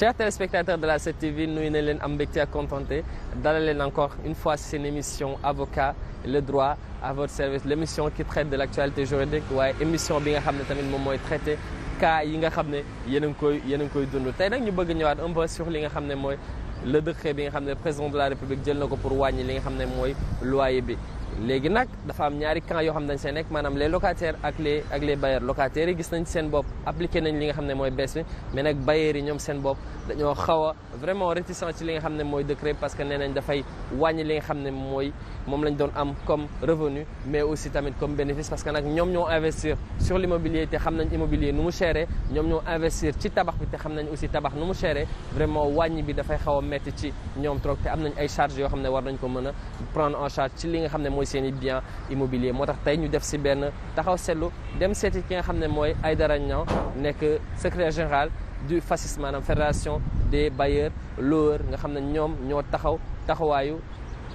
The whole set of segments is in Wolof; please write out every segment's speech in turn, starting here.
chers téléspectateurs de la 7TV nuyu nañ leen am mbégte a contenté dalal leen encore une fois seen émission avocat le droit à votre service l' émission qui traite de l' actualité juridique waaye émission bi nga xam ne tamit moom mooy traité cas yi nga xam ne yéen a ngi koy yéen a ngi koy dund tey nag ñu bëgg ñëwaat un peu sur li nga xam ne mooy le nga xam ne président de la république jël na ko pour wàññi li nga xam ne mooy loyer bi léegi nag dafa am ñaari camp yoo xam ne dañ see nekk maanaam les locataires ak les ak les bailleurs locataires yi gis nañ seen bopp appliqué nañ li nga xam ne mooy baisse bi mais nag bailleurs yi ñoom seen bopp dañoo xaw a vraiment réticent ci li nga xam ne mooy décret parce que nee nañ dafay wàññi li nga xam ne mooy moom lañ doon am comme revenu mais aussi tamit comme bénéfice parce que nag ñoom ñoo investir sur l'immobilier te xam nañ immobilier nu mu chéré ñoom ñoo investir ci tabax bi te xam nañ aussi tabax nu mu chéré vraiment wàññi bi dafay xaw a metti ci ñoom trop te am nañ ay charges yoo xam ne war nañ ko mën a prendre en charge ci li nga xam ne mooy seeni i bien immobilier moo tax tey ñu def si benn taxaw seetlu dem seeti ki nga xam ne mooy Aïdara Niang nekk secrétaire général du FACIS maanaam fédération des bailleurs loueurs nga xam ne ñoom ñoo taxaw taxawaayu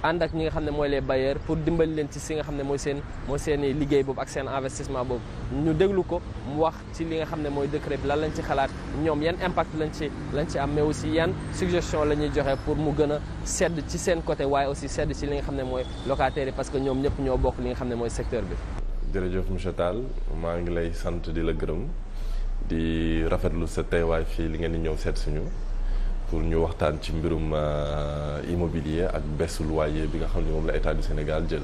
ànd ak ñi nga xam ne mooy les bailleurs pour dimbali leen ci si nga xam ne mooy seen mooy seen liggéey boobu ak seen investissement boobu ñu déglu ko mu wax ci li nga xam ne mooy décret bi lan lañ ci xalaat ñoom yan impact lañ ci lañ ci am mais aussi yan suggestion la ñuy joxe pour mu gën a sedd ci seen côté waaye aussi sedd ci li nga xam ne mooy locataires yi parce que ñoom ñëpp ñoo bokk li nga xam ne mooy secteur bi. jërëjëf monsieur Tall maa ngi lay sant di la gërëm di rafetlu sa teewaay fii li ngeen di ñëw seet suñu. pour ñu waxtaan ci mbirum euh, immobilier ak baisse loyer bi nga xam ne moom la état du Sénégal jël.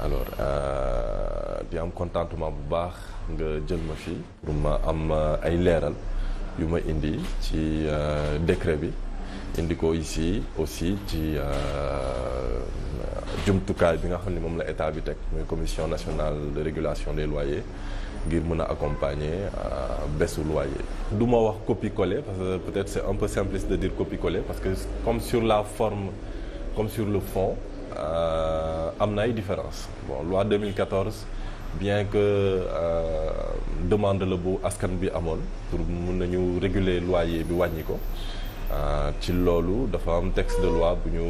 alors euh, di am contentement bu baax nga jël ma fi pour ma am euh, ay leeral yu ma indi ci décret bi indi ko ici aussi ci jumtukaay bi nga xam ne moom la état bi teg muy commission nationale de régulation des loyers. ngir mun a accompagner euh, baisse su loyer du ma wax copier-coller parce que peut-être c'est un peu simpliste de dire copier-coller parce que comme sur la forme comme sur le fond euh, am na ay différence bon loi 2014 bien que euh, demande la bu askan bi amoon pour mun nañu réguler loyer bi wàññi ko euh, ci loolu dafa am texte de loi bu ñu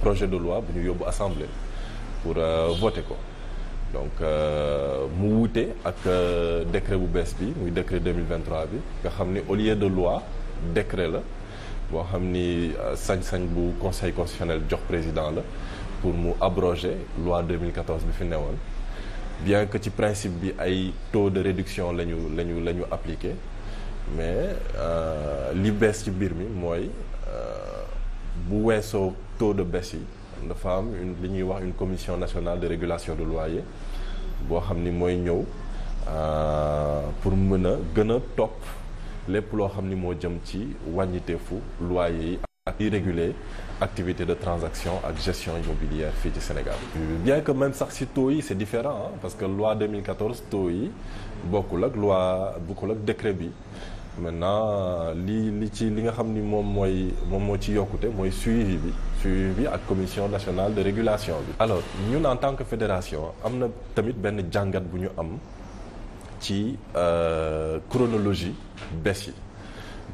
projet de loi bu ñu yóbbu assemblée pour euh, voter ko donc euh, mu wuute ak euh, décret bu bees bi muy décret 2023 bi nga xam ni au lieu de loi décret la boo xam ni euh, sañ-sañ bu conseil constitutionnel jox président la pour mu abroger loi 2014 bi fi newoon bien que ci principe bi ay taux de réduction la ñu la ñu la ñu appliqué mais li bees ci mbir mi mooy bu weesoo taux de baisse yi dafa am li ñuy wax une commission nationale de régulation de loyer boo xam ni mooy ñëw euh, pour mën a gën a topp lépp loo xam ni moo jëm ci wàññiteefu loyer yi ak yi réguler activité de transaction ak gestion immobilière fii ci Sénégal bien que même sax si taux yi c'est différent parce que loi 2014 taux yi bokkul ak loi bokkul ak décret bi maintenant li li ci li nga xam ni moom mooy moom moo ci yokkute mooy suivi bi suivi bi ak commission nationale de régulation bi alors ñun en tant que fédération am na tamit benn jàngat bu ñu am ci euh, chronologie bés yi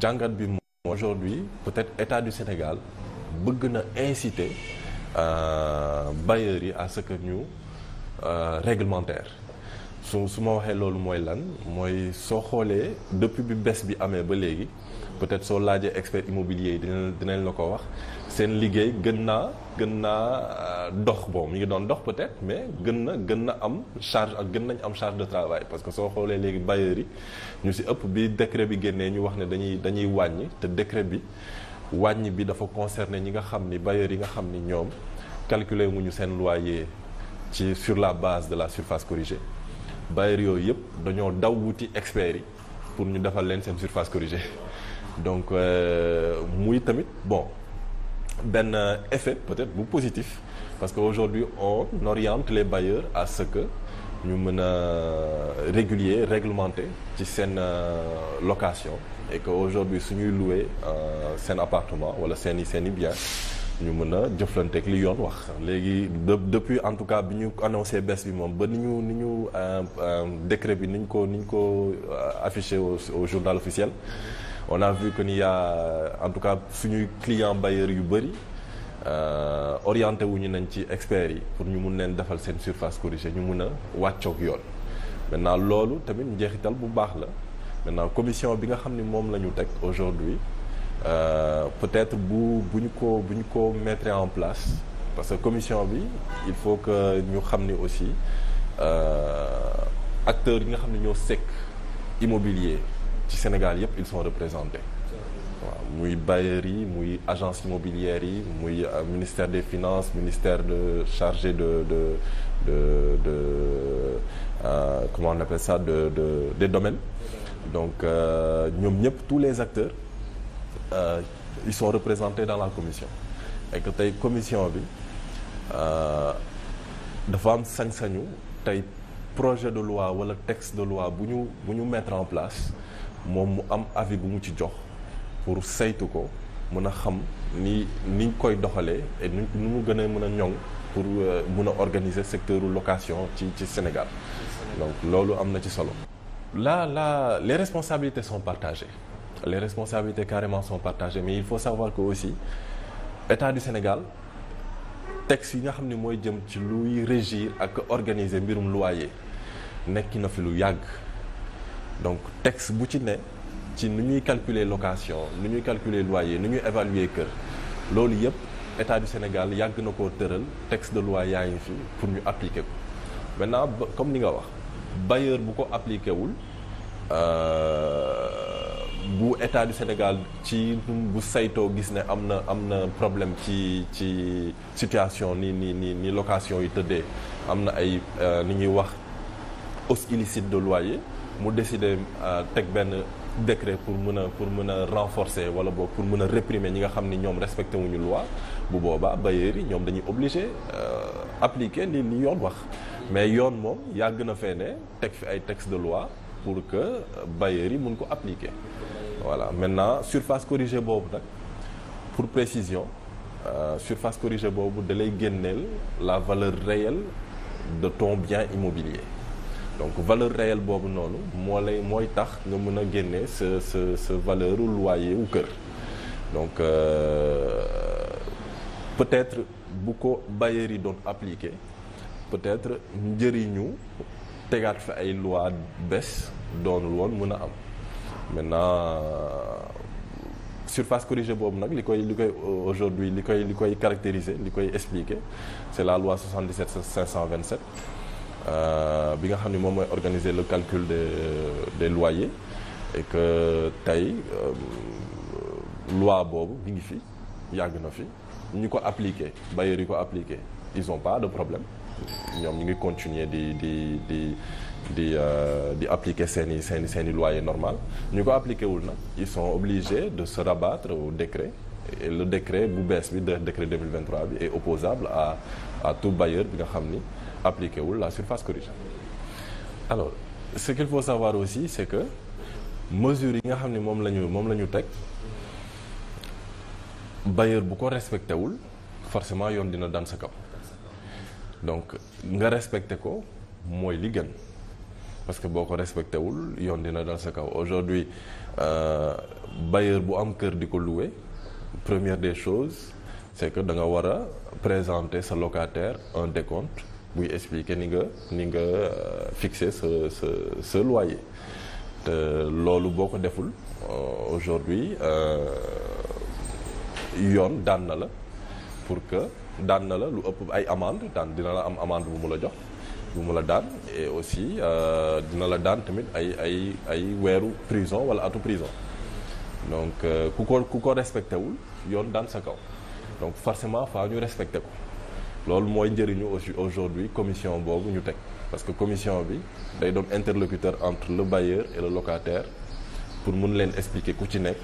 jàngat bi moom aujourd'hui peut-être état du Sénégal bëgg na inciter euh, bailleurs yi à ce que ñu euh, réglementaire su su ma waxee loolu mooy lan mooy soo xoolee depuis bi bés bi amee ba léegi peut-être soo laajee expert immobilier yi dinañ dinañ la ko wax seen liggéey gën naa gën naa euh, dox boobu mi ngi doon dox peut-être mais gën na gën na am charge ak gën nañ am charge de travail parce que soo xoolee léegi bailleurs yi ñu si ëpp bi décret bi génnee ñu wax ne dañuy dañuy wàññi te décret bi wàññi bi dafa concerner ñi nga xam ni bailleurs yi nga xam ni ñoom calculer ñu seen loyer ci sur la base de la surface corrigée bailleurs yooyu yëpp dañoo daw wuti experts yi pour ñu defal leen seen surface corrigée donc euh, muy tamit bon benn effet peut-être bu positif parce que aujourd'hui on oriente les bailleurs à ce que ñu mën a régulier réglementer ci seen euh, location et que aujourd'hui suñuy louer euh, seen appartement wala seen i seen i bien ñu mën a jëflanteeg li yoon wax léegi depuis en tout cas bi ñu annoncé baisse bi moom ba ni ñu ni ñu euh, euh, décret bi ni ñu ko ni ñu ko euh, affiché au journal officiel on a vu que ni en tout cas suñuy client bailleurs yu bëri orienté wu ñu nañ ci experts yi pour ñu mun leen defal seen surface corrigée ñu mun a wàccook yoon maintenant loolu tamit njeexital bu baax la maintenant commission bi nga xam ni moom la ñu teg aujourd'hui Euh, peut-être bu bu ñu ko bu ko mettre en place parce que commission bi il faut que ñu xam ni aussi euh, acteurs yi nga xam ne ñoo sekk immobilier ci Sénégal yëpp ils sont représentés waaw muy bailleurs yi muy agence immobilière yi muy euh, ministère des finances ministère de chargé de de de de euh, comment on appelle ça de de des domaines donc ñoom euh, ñëpp tous les acteurs il euh, ils sont représentés dans la commission et tey commission bi euh, dafa am sañ-sañu tey projet de loi wala texte de loi bu ñu bu ñu mettre en place moom mu am avis bu mu ci jox pour saytu ko mën a xam ni niñ koy doxalee et nu mu gën mën a ñoŋ pour euh, mën a organiser secteur location ci ci Sénégal donc loolu am na ci solo. là là les responsabilités sont partagées. les responsabilités carrément son partage mais il faut savoir que aussi état du Sénégal texte yi nga xam ni mooy jëm ci luy régir ak organiser mbirum loyer nekki na fi lu yàgg donc texte bu ci ne ci nu ñuy calculer location ni ñuy calculer loyer ni ñuy évaluer kër loolu yëpp état du Sénégal yàgg na koo tëral texte de loi yaa ngi fi pour ñu appliquer ko maintenant comme ni nga wax bailleur bu ko appliqué wul. Euh, bu état du Sénégal ci bu saytoo gis ne am na am na problème ci ci situation ni ni ni ni location yi tëddee am na ay euh, ni ñuy wax hausse illicite de yi mu décider euh, teg benn décret pour mën a pour mën a renforcer wala boobu pour mën a réprimer ñi nga xam ni ñoom respecté ñu loi bu boobaa bailleurs ñoom dañuy obligé euh, appliquer li li yoon wax mais yoon moom yàgg na fee ne teg fi ay texte de loi pour que bailleurs yi mun ko appliquer voilà maintenant surface corrigée boobu nag pour précision euh, surface corrigée boobu da lay génneel la valeur réelle de ton bien immobilier donc valeur réelle boobu noonu moo lay mooy tax nga mën a génne sa sa sa valeur loyer wu kër donc euh, peut-être bu ko bailleurs yi doon appliqué peut-être njëriñu tegaat fi ay loi bes doonul woon mën a am maintenant surface corrigée boobu nag li koy li koy euh, aujourd'hui li koy li koy caractériser li koy expliquer c'est la loi 77 527 euh, bi nga xam ne moom mooy organiser le calcul de des loyers et que tey euh, loi boobu mi ngi fi yàgg na fi ñu ko appliquer bailleurs yi ko appliquer ils ont pas de problème ñoom ñu ngi continuer di di di. di euh, di appliquer seen i seen i seen loyer normal ñu ko appliqué wul nag ils sont obligés de se rabattre au décret le décret bu bees bi décret 2023 bi est opposable à tout bailleur bi nga xam ni appliqué wul la surface corrigée alors ce qu'il faut savoir aussi c'est que mesures yi nga xam ne moom la ñu moom la ñu teg bailleur bu ko respecté wul forcément yoon dina daan sa kaw donc nga respecté ko mooy li gën parce que boo ko respecté wul yoon dina dal sa kaw aujourd'hui euh, bailleur bu am kër di ko louer première des choses c'est que da nga war a présenter sa locataire un décompte buy expliquer ni nga ni nga euh, fixer sa sa loyer loolu boo ko deful euh, aujourd'hui yoon daan na la pour que daan na la lu ëpp ay amende daan dina la am amende bu mu la jox bu mu la daan et aussi euh, dina la daan tamit ay ay ay weeru prison wala atu prison donc euh, ku ko ku ko respecté wul yoon daan sa kaw donc forcément faa ñu respecté ko loolu mooy njëriñu aussi aujourd'hui commission boobu ñu teg parce que commission bi day doon interlocuteur entre le bailleur et le locataire pour mun leen expliquer ku ci nekk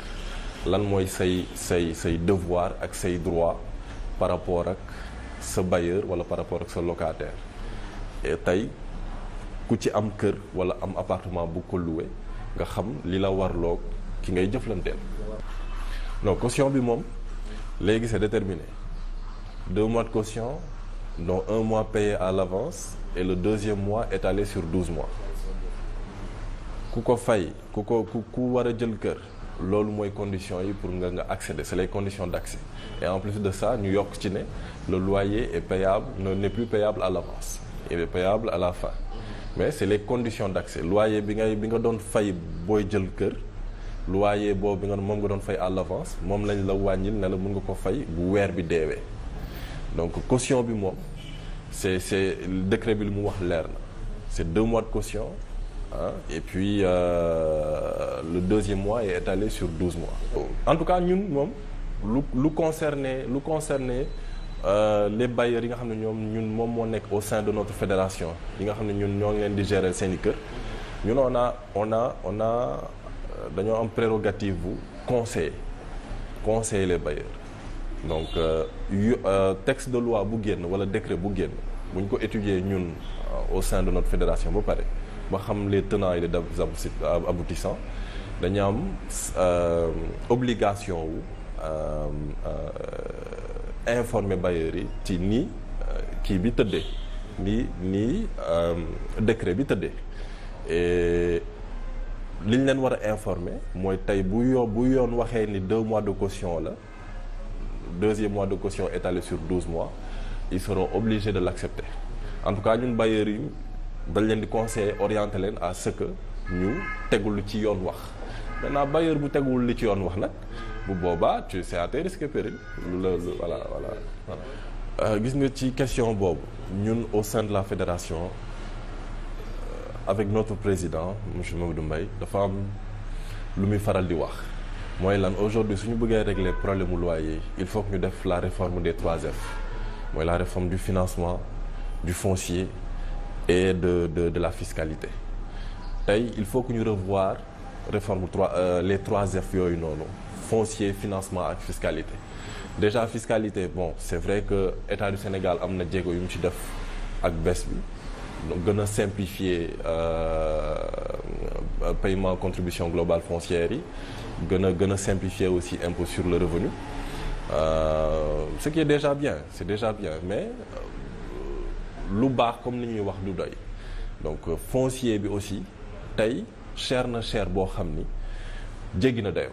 lan mooy say say say devoir ak say droit par rapport ak sa bailleur wala par rapport ak sa locataire Eh, tey ku ci am kër wala am appartement bu ko loué nga xam li la warloo ki ngay jëflanteel. non caution bi moom léegi c'est déterminé deux mois de caution dont un mois payé à l'avance et le deuxième mois étalé sur douze mois ku ko fay ku ko ku ku war a jël kër loolu mooy condition yi pour nga nga accéder c'est les condition d'accès et en plus de ça ñu yokk ci ne le loyer est payable ne n'est plus payable à l'avance il est payable à la fin. mais c' les conditions d' accès bi ngay bi nga doon fay booy jël kër. loyer boobu bi nga moom nga doon fay à l' moom lañu la wàññil ne la mën nga ko fay bu weer bi deewee donc caution bi moom c' est est décret bi lu mu wax leer na c' deux mois de caution et puis euh, le deuxième mois est sur douze mois. en tout cas ñun moom lu lu concerné lu concerné. Euh, les bailleurs yi nga xam ne ñoom ñun moom moo nekk au sein de notre fédération yi nga xam ne ñun ñoo ngi leen di gérer seen i kër ñun on a on a euh, dañoo am prérogative bu conseil conseiller les bailleurs donc euh, yu texte de loi bu génn wala décret bu génn bu ñu ko étudier ñun au sein de notre fédération ba pare ba xam les tenants et les aboutissants dañu am obligation wu. informer bailleurs yi ci nii euh, kii bi tëddee nii nii euh, décret bi tëddee et li ñu leen war a informer mooy tey bu yoon bu yoon waxee ni deux mois de caution la deuxième mois de caution étalé sur douze mois ils seront obligés de l'accepter en tout cas ñun bailleurs yi dañ leen di conseiller orienté leen à ce ñu tegul ci yoon wax. maintenant bailleur bu teguwul li ci yoon wax nag bu boobaa tu c'est à tes risques et périls loolu voilà voilà voilà euh, gis nga ci question boobu ñun au sein de la fédération euh, avec notre président monsieur Mamadou Mbaye dafa lu muy faral di wax mooy lan aujourd'hui suñu bëggee régler problème mu loyer ñu def la réforme des 3F mooy la réforme du financement du foncier et de de de la fiscalité tey il faut que ñu revoir réforme trois euh, les trois F yooyu noonu foncier financement ak fiscalité déjà fiscalité bon c'est vrai que état du Sénégal am na jéego yu mu ci def ak baisse bi gën a simplifier euh, paiement contribution globale foncière yi gën a gën a simplifier aussi impôt sur le revenu euh, ce qui est déjà bien c'est déjà bien mais euh, lu baax comme ni ñuy wax du doy donc euh, foncier bi aussi tey cher na cher boo xam ni jéggi na dayoo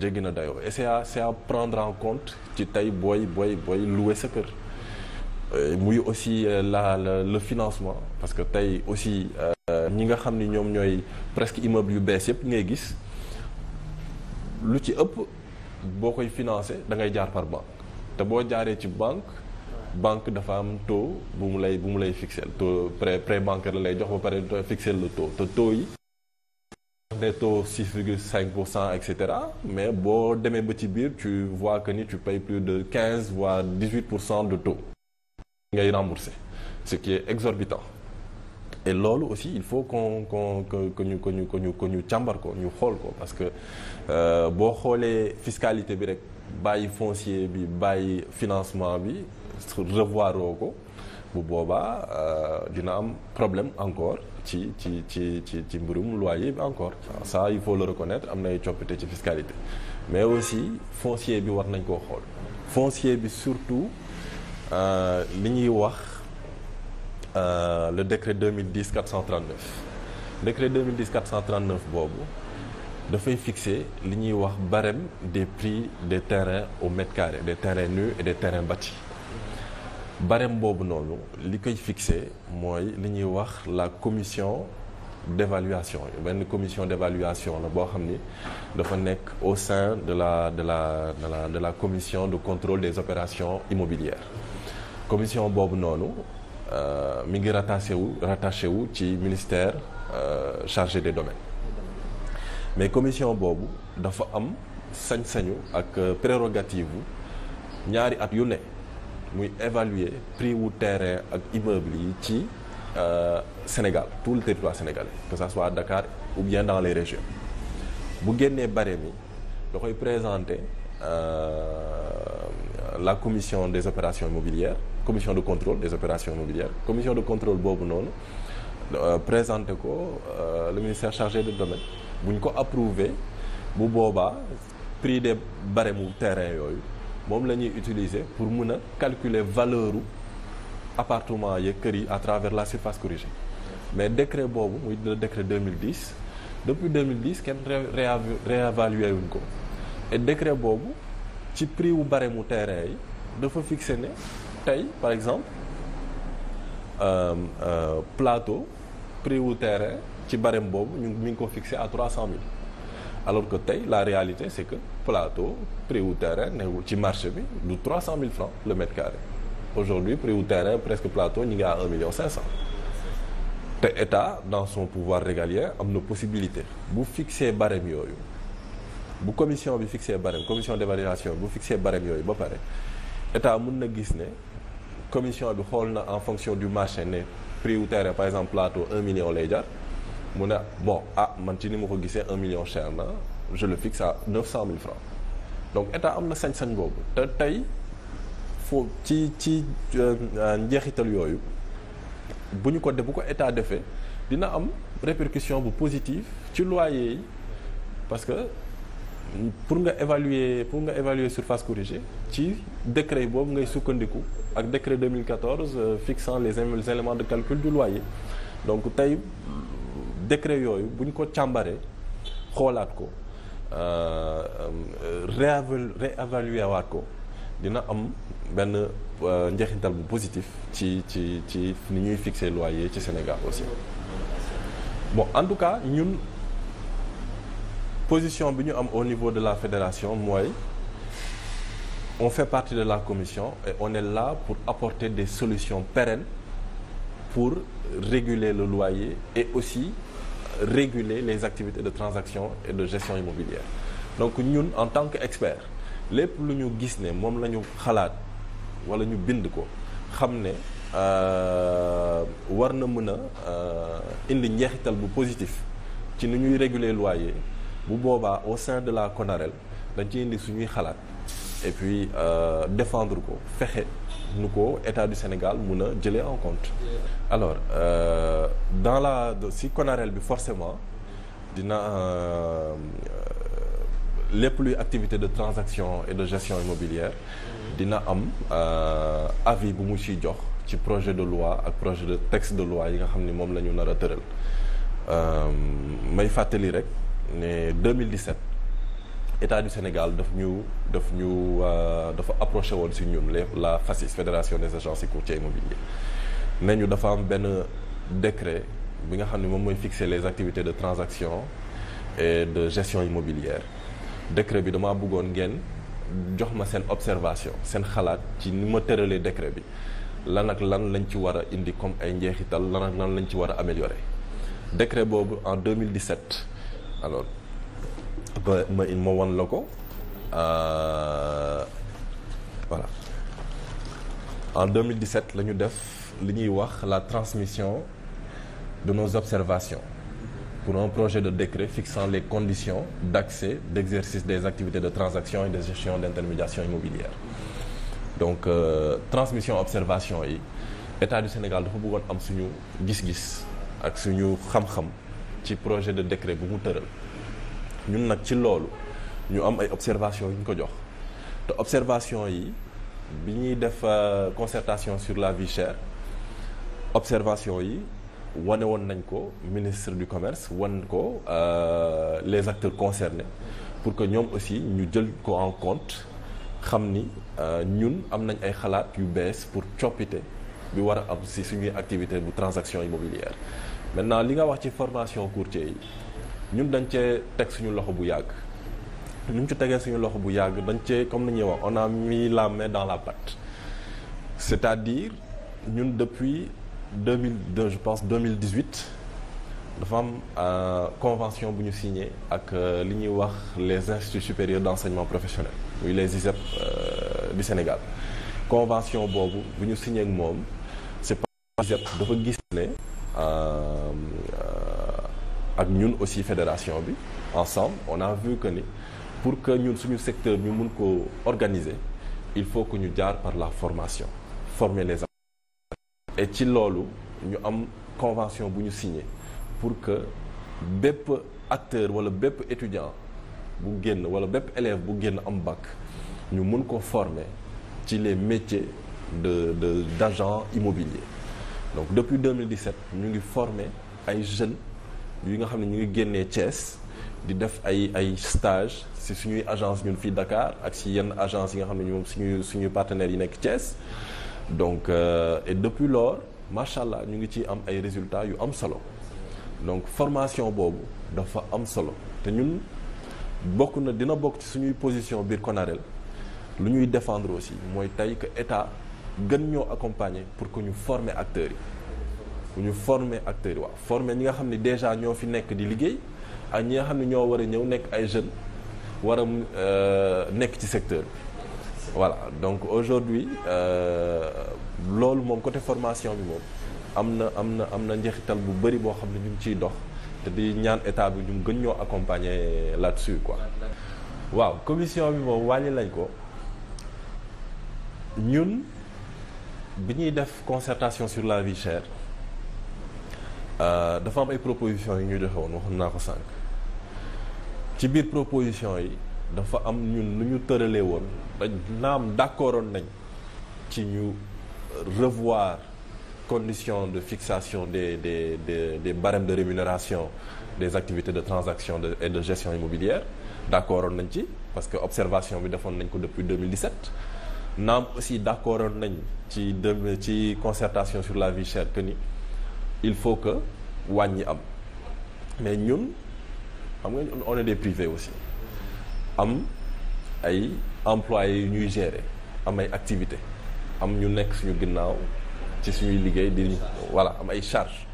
jéggi na dayoo et c'est à c'est prendre en compte ci tey booy booy booy louer sa kër muy aussi euh, la la le financement parce que tey aussi euh, ñi nga xam ni ñoom ñooy presque immeuble yu bees yëpp ngay gis lu ci ëpp boo koy financer da ngay jaar par banque te boo jaaree ci banque banque dafa am taux bu mu lay bu mu lay fixel taux prêt prêt bancaire la lay jox ba pare fixel le taux te taux yi des taux 6,5 pour cent et cetera mais boo demee ba ci biir tu vois que ni tu payes plus de 15 voire 18 pour cent de taux ngay remboursé ce qui est exorbitant et loolu aussi il faut qu'on qu'on que ñu que ñu que ñu que ñu càmbar ko ñu xool ko parce que euh, boo xoolee fiscalité bi rek bàyyi foncier bi bàyyi financement bi revoir ko bu boobaa euh, dina am problème encore ci ci ci ci ci mbirum loyer bi encore ça il faut le reconnaître am na ay coppite ci fiscalité mais aussi foncier bi war nañ koo xool foncier bi surtout euh, li ñuy wax euh, le décret 2010 439 décret 2010 439 boobu dafay fixer li ñuy wax barème des prix des terrains au mètre carré des terrain nu et des terrain bâtis barème boobu noonu li koy fixer mooy li ñuy wax la commission d'évaluation benn commission d'évaluation la boo xam ni dafa nekk au sein de la de la de la de la commission de contrôle des opérations immobilières commission boobu noonu euh, mi ngi rattaché wu rattaché wu ci ministère euh, chargé des domaines mais commission boobu dafa am sañ-sañu ak euh, prérogative ñaari at yu ne muy évaluer prix wu terrain ak immeuble yi ci euh, Sénégal tout le territoire sénégalais que ça soit à Dakar ou bien dans les régions bu génnee barème yi da koy présenter euh, la commission des opérations immobilières commission de contrôle des opérations immobilières commission de contrôle boobu noonu euh, présenté ko le ministère chargé de domaine buñ ko approuvé bu boobaa prix des barèmes terrain yooyu moom la ñuy utiliser pour mun a calculer valeur u appartement yeeg kër yi à travers la surface corrigée mais décret boobu muy le décret 2010 depuis 2010 kenn réévalué wuñ ko et décret boobu ci prix wu bare mu terrain yi dafa fixé ne tey par exemple euh, euh, plateau prix wu terrain ci barème boobu ñu mi ngi ko fixé à mille alors que tey la réalité c'est que plateau prix wu terrain newul ci marché bi du 300 000 francs le mètre carré aujourd'hui prix wu terrain presque plateau ñi ngi à 1 million 500 te état dans son pouvoir régalien am na possibilité bu fixer barème yooyu bu commission bi fixe barème commission d'évaluation bu fixer barème yooyu ba pare état mun na gis ne commission bi xool na en fonction du marché ne prix wu terrain par exemple plateau 1 million lay jar mu ne bon ah man ci ni ma ko gisee un million cher na je le fixe à neuf cent mille francs donc état am na sañ-sañ boobu te tey foo ci ci euh, euh, njeexital yooyu bu ñu ko def bu ko état defee dina am répercussion bu positive ci loyer yi parce que pour nga évaluer pour nga évaluer surface corrigée ci décret boobu ngay sukkandiku ak décret 2014 euh, fixant les éléments de calcul du loyer donc tey décret yooyu bu ñu ko càmbaree xoolaat ko euh, euh, réaval réévaluer waat ko dina am benn euh, njeexintal bu positif ci ci ci ni ñuy fixer loyer ci Sénégal aussi bon en tout cas ñun position bi ñu am au niveau de la fédération mooy on fait partie de la commission et on est là pour apporter des solutions pérennes pour réguler le loyer et aussi réguler les activités de transaction et de gestion immobilière donc ñun en tant que expert lépp lu ñu gis ne moom la ñu xalaat wala ñu bind ko xam ne euh, war na mën a euh, indi njeexital bu positif ci ni ñuy réguler loyer bu boobaa au sein de la CONAREL dañ ci indi suñuy xalaat et puis euh, défendre ko fexe nu ko état du Sénégal mun a jëlee en compte. alors euh, dans la si CONAREL bi forcément dina euh, euh, lépp luy activité de transaction et de gestion immobilière. dina am euh, avis bu mu siy jox ci projet de loi ak projet de texte de loi yi nga xam ni moom la ñu nar a tëral may fàttali rek ne 2017. état du Sénégal daf ñu daf ñu euh, dafa approché woon si ñun les la FACIS fédération des agences et courtiers immobiliers ne ñu dafa am benn décret bi nga xam ne moom mooy fixer les activités de transaction e de gestion immobilière décret bi damaa bëggoon ngeen jox ma seen observation seen xalaat ci ni ma tëralee décret bi lan ak lan lañ ci war a indi comme ay njeexital lan ak lan lañ ci war a améliorer décret boobu en 2017 alors. ba ma la ko euh, voilà en 2017 la ñu def li ñuy wax la transmission de nos observations pour un projet de décret fixant les conditions d'accès d'exercice des activités de transaction et de gestion d'intermédiation immobilière donc euh, transmission observation yi État du Sénégal dafa bëggoon am suñu gis-gis ak suñu xam-xam ci projet de décret bu mu tëral ñun nag ci loolu ñu am ay observation yu ñu ko jox te observation yi bi ñuy def euh, concertation sur la vie chère observation yi wane woon nañ ko ministre du commerce wan ko euh, les acteurs concernés pour que ñoom aussi ñu jël ko en compte xam ni euh, ñun am nañ ay xalaat yu bees pour coppite bi war a am si suñuy activité bu transaction immobilière maintenant li nga wax ci formation courtier yi ñun dañ cee teg suñu loxo bu yàgg ñu ci tegee suñu loxo bu yàgg dañ cee comme ni ñuy wax on a mis la dans la pâte c'est-à-dire ñun depuis deux mille deux je pense deux mille dix-huit dafa am euh, convention bu ñu signé ak euh, li ñuy wax les instituts supérieurs d'enseignement professionnel muy les ISEP euh, du Sénégal convention boobu bu ñu signé moom c'est pas ISEP dafa gis ne. ak ñun aussi fédération bi ensemble on a vu que ni pour que ñun suñu secteur ñu mun ko organiser il faut que ñu jaar par la formation former les et ci loolu ñu am convention bu ñu signé pour que bépp acteur wala bépp étudiant bu génn wala bépp élève bu génn am bac ñu mun ko former ci les métiers de de d' agent immobilier donc depuis 2017 ñu ngi former ay jeunes yi nga xam ne ñu ngi génnee cees di def ay ay stage si suñuy agence ñun fii Dakar ak si yenn agence yi nga xam ne ñoom suñu suñu partenaires yi nekk Thiès donc euh, et depuis lors macha allah ñu ngi ci am ay résultats yu am solo donc formation boobu dafa am solo te ñun bokk na dina bokk ci suñuy position biir Konarel lu ñuy defendre aussi mooy tey que état gën ñoo accompagner pour que ñu former acteurs yi bu ñu former acteurs yi waaw former ñi nga xam ne déjà ñoo fi nekk di liggéey ak ñi nga xam ne ñoo war a ñëw nekk ay jeunes war a euh, nekk ci secteur bi voilà donc aujourd'hui euh, loolu moom côté formation bi moom am na am na am na njeexital bu bëri boo xam ne ñu ngi ciy dox te di ñaan état bi ñu gën ñoo accompagner là-dessus quoi waaw commission bi moom wàññi lañ ko ñun bi ñuy def concertation sur la vie Euh, dafa am ay propositions yu ñu joxe woon waxoon naa ko sànq ci biir proposition yi dafa am ñun lu ñu tëralee woon dañ naam d'accordoon nañ ci ñu revoir condition de fixation des des des des barèmes de rémunération des activités de transaction de et de gestion immobilière d'accordoon nañ ci parce que observation bi defoon nañ ko depuis 2017 naam aussi d'accordoon nañ ci dem ci concertation sur la vie chère que il faut que wàññi am mais ñun am nga on est des privés aussi am ay employés yu ñuy gérer am ay activités am ñu nekk suñu ginnaaw ci suñuy liggéey di voilà am ay charges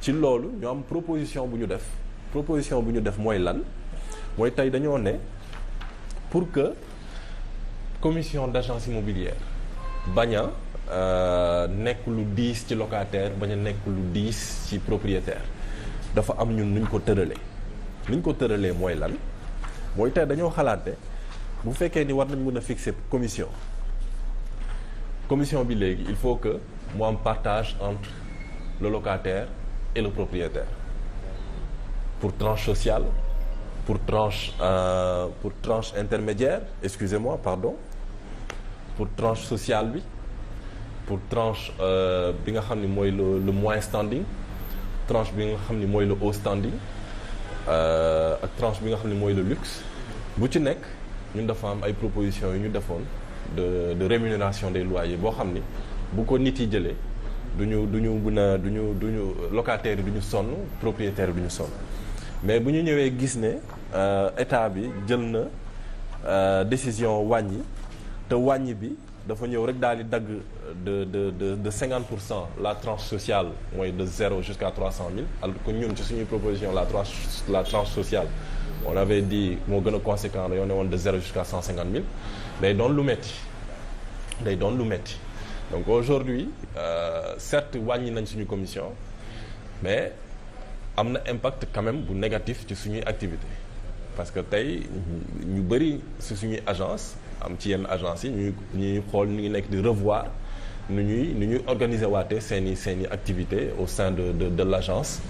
ci loolu ñu am proposition bu ñu def proposition bu ñu def mooy lan mooy tey dañoo ne pour que commission d'agence immobilière bañ a Euh, nekk lu diis ci locataire bañ a nekk lu diis ci propriétaire dafa am ñun nuñ ko tëralee nuñ ko tëralee mooy lan mooy tey dañoo xalaate bu fekkee ni war nañ mën a fixer commission commission bi léegi il faut que mu am partage entre le locataire et le propriétaire pour tranche sociale pour tranche euh, pour tranche intermédiaire excusez-moi pardon pour tranche sociale bi pour tranche euh, bi nga xam ni mooy le moins moyen standing tranche bi nga xam ni mooy le haut standing euh, ak tranche bi nga xam ni mooy le luxe bu ci nekk ñun dafa am ay propositions yu ñu defoon de de rémunération des loyers boo xam ni bu ko nit yi jëlee du ñu du ñu mën a du ñu du ñu locataires yi du ñu sonn propriétaires yi ñu sonn mais bu ñu ñëwee gis ne euh, état bi jël na décision wàññi te wàññi bi dafa ñëw rek daal di dagg. de de de de pour cent la tranche sociale mooy de zéro jusqu'à trois cent mille alors que ñun ci suñuy proposition la tranche la tranche sociale on avait moo gën a conséquent dañoo ne woon de zéro jusqu'à cent cinquante mille day doon lu metti day doon lu metti donc aujourd'hui euh, certes wàññi nañ suñu commission mais am na impact quand bu négatif ci suñuy activité parce que tey ñu bëri si suñuy agence am ci yenn agence yi ñuy ñuy xool ñu ngi nekk di revoir nu ñuy nu ñuy organiser waate seen i seen i activité au sein de de de l'agence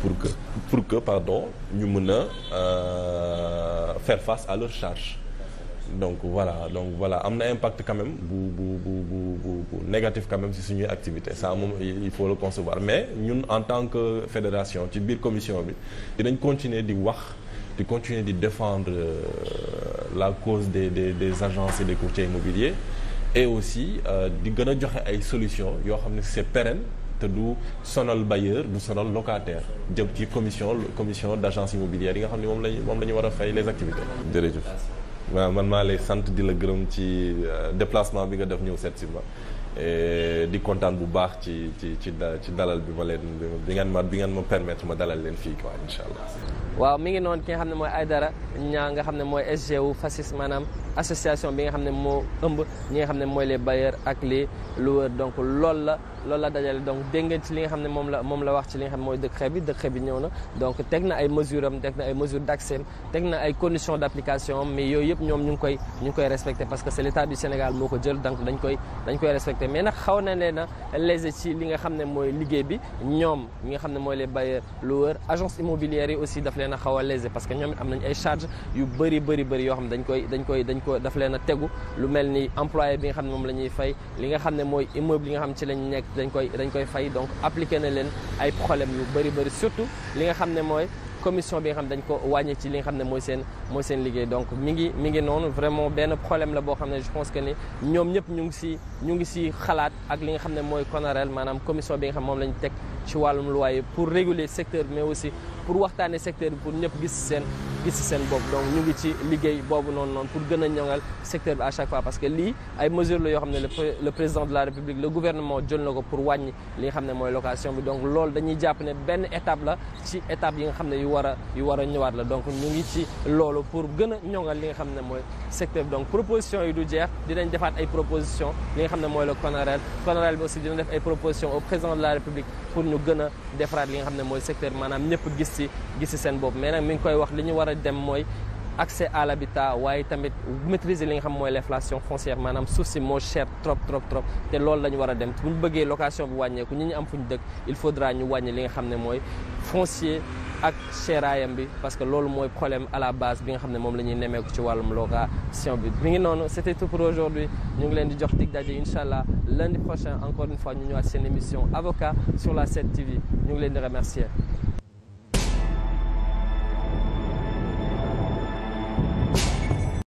pour que pour que pardon ñu mën a euh, faire face à leur charge donc voilà donc voilà am na impact quand bu bu bu bu bu négatif quand si suñuy activité ça moom il faut le concevoir mais ñun en tant que fédération ci biir commission bi dinañ continuer di wax di continuer di défendre euh, la cause des des des agences et des courtiers immobiliers et aussi euh, di gën a joxe ay solutions yoo xam ne c'est pérenne te du sonal bailleur du sonal locataire jëm ci commission commission d'agence immobilière yi nga xam ne moom lañ moom la ñu war a fay les activités jërëjëf waaw man maa lay sant di la gërëm ci euh, déplacement bi nga def ñëw seet si ma di kontaan bu baax ci ci ci ci dalal bi ma leen bi ngeen ma bi ngeen ma permettre ma dalal leen fii quoi incha allah. waaw mi ngi noonu ki nga xam ne mooy Aïdara ñaa nga xam ne mooy SGU FACIS maanaam association bi nga xam ne moo ëmb ñi nga xam ne mooy les bailleurs ak les loueurs donc loolu la loolu la dajale donc dégg ngeen ci li nga xam ne moom la moom la wax ci li nga mooy décret bi bi ñëw na donc teg na ay mesures ay mesures d'accès teg na ay conditions d'application mais yooyu ñoom ñu ngi koy ñu ngi koy respecté parce que c'est l'État du Sénégal moo ko jël donc dañ koy koy respecté mais na leen a léger ci li nga xam ne mooy liggéey bi ñoom ñi nga xam ne mooy les bailleurs loueurs agence immobilière yi aussi daf leen a xaw a parce que ñoom am nañ ay charges yu bëri bëri bëri yoo xam ne dañ koy dañ koy dañ ko daf leen a tegu lu mel ni employé bi nga xam ne moom la ñuy li nga xam ne mooy immeuble yi nga xam ci lañ nekk dañ koy dañ donc appliqué na leen ay problème yu bëri bëri surtout li nga xam ne mooy commission bi nga xam dañ ko wàññi ci li nga xam ne mooy seen mooy seen liggéey donc mi ngi mi ngi noonu vraiment benn problème la boo xam ne je pense que ni ñoom ñëpp ñu ngi si xalaat ak li nga xam ne mooy CONAREL maanaam commission bi nga xam moom la teg ci wàllum loyer pour réguler secteur mais aussi pour waxtaane secteur bi pour ñëpp gis seen gis si seen bopp donc ñu ngi ci liggéey boobu noonu noonu pour gën a ñoŋal secteur bi à chaque fois parce que lii ay mesures la yoo xam ne le président de la république le gouvernement jël na ko pour wàññi li nga xam ne mooy location bi donc loolu dañuy jàpp ne benn étape la ci étape yi nga xam ne yu war a yu war a ñëwaat la donc ñu ngi ci loolu pour gën a ñoŋal li nga xam ne mooy secteur bi donc proposition yi du jeex dinañ defaat ay proposition li ne mooy le CONAREL CONAREL bi aussi dina def ay proposition au président de a defaraat mooy secteur bi ñëpp gis si gis seen bopp mais nag mi ngi koy wax li ñu war a dem mooy accès à l'habitat waaye tamit maîtriser li nga xam mooy l'inflation foncière maanaam suuf si moo cher trop trop trop te loolu la ñu war a dem bu ñu bëggee location bi wàññeeku ñu ñu am fu ñu dëkk il faudra ñu wàññi li nga xam ne mooy foncier ak cheraayam bi parce que loolu mooy problème à la base bi nga xam ne moom la ñuy nemmeeku ci wàllum location bi mi ngi noonu c'était tout pour aujourd'hui ñu ngi leen di jox dig daje incha allah lundi prochain encore une fois ñu ñëwaat seen émission avocat sur la 7 ñu ngi leen di remercier